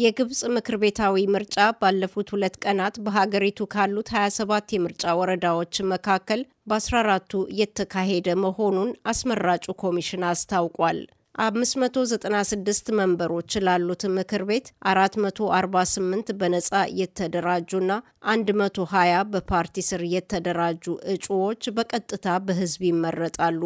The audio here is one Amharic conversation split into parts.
የግብፅ ምክር ቤታዊ ምርጫ ባለፉት ሁለት ቀናት በሀገሪቱ ካሉት 27 የምርጫ ወረዳዎች መካከል በ14ቱ እየተካሄደ መሆኑን አስመራጩ ኮሚሽን አስታውቋል። 596 መንበሮች ላሉት ምክር ቤት 448 በነፃ የተደራጁና 120 በፓርቲ ስር የተደራጁ እጩዎች በቀጥታ በህዝብ ይመረጣሉ።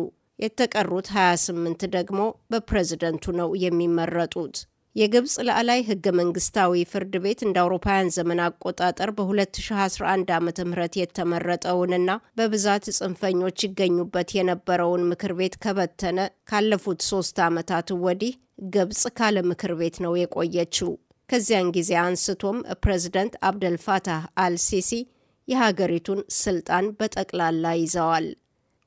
የተቀሩት 28 ደግሞ በፕሬዝደንቱ ነው የሚመረጡት። የግብፅ ላዕላይ ህገ መንግስታዊ ፍርድ ቤት እንደ አውሮፓውያን ዘመን አቆጣጠር በ2011 ዓ ም የተመረጠውንና በብዛት ጽንፈኞች ይገኙበት የነበረውን ምክር ቤት ከበተነ ካለፉት ሶስት ዓመታት ወዲህ ግብፅ ካለ ምክር ቤት ነው የቆየችው። ከዚያን ጊዜ አንስቶም ፕሬዝደንት አብደልፋታህ አልሲሲ የሀገሪቱን ስልጣን በጠቅላላ ይዘዋል።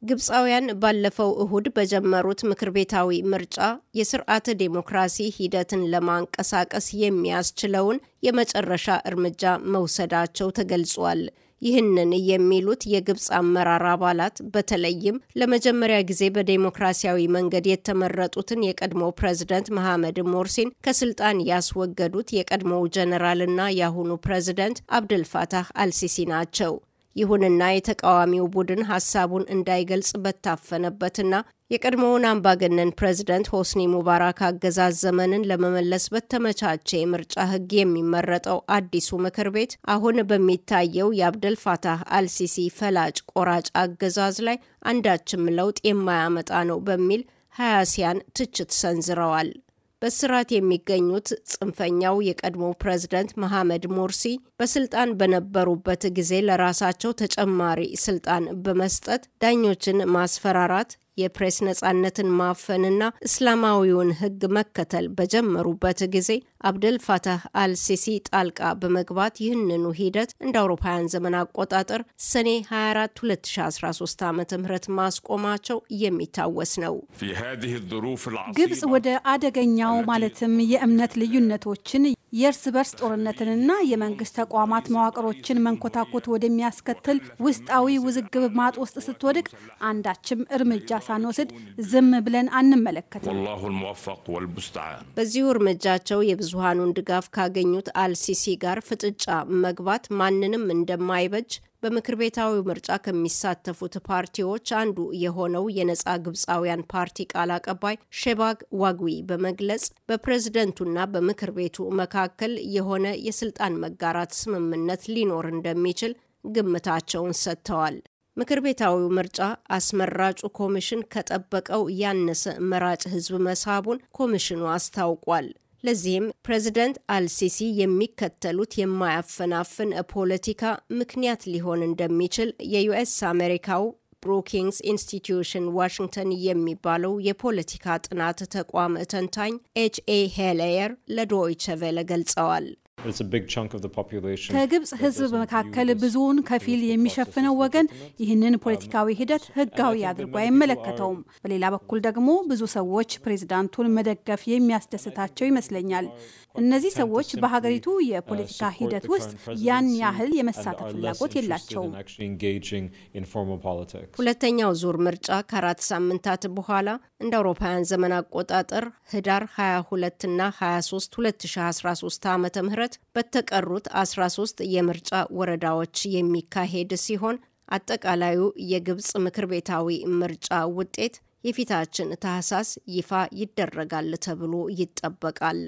ግብፃውያን ባለፈው እሁድ በጀመሩት ምክር ቤታዊ ምርጫ የስርዓት ዴሞክራሲ ሂደትን ለማንቀሳቀስ የሚያስችለውን የመጨረሻ እርምጃ መውሰዳቸው ተገልጿል። ይህንን የሚሉት የግብፅ አመራር አባላት በተለይም ለመጀመሪያ ጊዜ በዴሞክራሲያዊ መንገድ የተመረጡትን የቀድሞ ፕሬዝደንት መሐመድ ሞርሲን ከስልጣን ያስወገዱት የቀድሞው ጀነራልና የአሁኑ ፕሬዝደንት አብደልፋታህ አልሲሲ ናቸው። ይሁንና የተቃዋሚው ቡድን ሀሳቡን እንዳይገልጽ በታፈነበትና የቀድሞውን አምባገነን ፕሬዚደንት ሆስኒ ሙባራክ አገዛዝ ዘመንን ለመመለስ በተመቻቸ የምርጫ ሕግ የሚመረጠው አዲሱ ምክር ቤት አሁን በሚታየው የአብደል ፋታህ አልሲሲ ፈላጭ ቆራጭ አገዛዝ ላይ አንዳችም ለውጥ የማያመጣ ነው በሚል ሀያሲያን ትችት ሰንዝረዋል። በስራት የሚገኙት ጽንፈኛው የቀድሞ ፕሬዝደንት መሐመድ ሞርሲ በስልጣን በነበሩበት ጊዜ ለራሳቸው ተጨማሪ ስልጣን በመስጠት ዳኞችን ማስፈራራት፣ የፕሬስ ነጻነትን ማፈንና እስላማዊውን ሕግ መከተል በጀመሩበት ጊዜ አብደል ፋታህ አልሲሲ ጣልቃ በመግባት ይህንኑ ሂደት እንደ አውሮፓውያን ዘመን አቆጣጠር ሰኔ 24 2013 ዓ ም ማስቆማቸው የሚታወስ ነው። ግብጽ ወደ አደገኛው ማለትም የእምነት ልዩነቶችን የእርስ በርስ ጦርነትንና የመንግስት ተቋማት መዋቅሮችን መንኮታኮት ወደሚያስከትል ውስጣዊ ውዝግብ ማጥ ውስጥ ስትወድቅ አንዳችም እርምጃ ሳንወስድ ዝም ብለን አንመለከትም። በዚሁ እርምጃቸው የብዙሃኑን ድጋፍ ካገኙት አልሲሲ ጋር ፍጥጫ መግባት ማንንም እንደማይበጅ በምክር ቤታዊ ምርጫ ከሚሳተፉት ፓርቲዎች አንዱ የሆነው የነጻ ግብፃውያን ፓርቲ ቃል አቀባይ ሼባግ ዋግዊ በመግለጽ በፕሬዝደንቱና በምክር ቤቱ መካከል የሆነ የስልጣን መጋራት ስምምነት ሊኖር እንደሚችል ግምታቸውን ሰጥተዋል። ምክር ቤታዊው ምርጫ አስመራጩ ኮሚሽን ከጠበቀው ያነሰ መራጭ ህዝብ መሳቡን ኮሚሽኑ አስታውቋል። ለዚህም ፕሬዚደንት አልሲሲ የሚከተሉት የማያፈናፍን ፖለቲካ ምክንያት ሊሆን እንደሚችል የዩኤስ አሜሪካው ብሩኪንግስ ኢንስቲትዩሽን ዋሽንግተን የሚባለው የፖለቲካ ጥናት ተቋም ተንታኝ ኤች ኤ ሄሌየር ለዶይቸ ቬለ ገልጸዋል። ከግብፅ ህዝብ መካከል ብዙውን ከፊል የሚሸፍነው ወገን ይህንን ፖለቲካዊ ሂደት ህጋዊ አድርጎ አይመለከተውም። በሌላ በኩል ደግሞ ብዙ ሰዎች ፕሬዝዳንቱን መደገፍ የሚያስደስታቸው ይመስለኛል። እነዚህ ሰዎች በሀገሪቱ የፖለቲካ ሂደት ውስጥ ያን ያህል የመሳተፍ ፍላጎት የላቸውም። ሁለተኛው ዙር ምርጫ ከአራት ሳምንታት በኋላ እንደ አውሮፓውያን ዘመን አቆጣጠር ህዳር 22 እና 23 2013 ዓ ም መሰረት በተቀሩት 13 የምርጫ ወረዳዎች የሚካሄድ ሲሆን አጠቃላዩ የግብፅ ምክር ቤታዊ ምርጫ ውጤት የፊታችን ታህሳስ ይፋ ይደረጋል ተብሎ ይጠበቃል።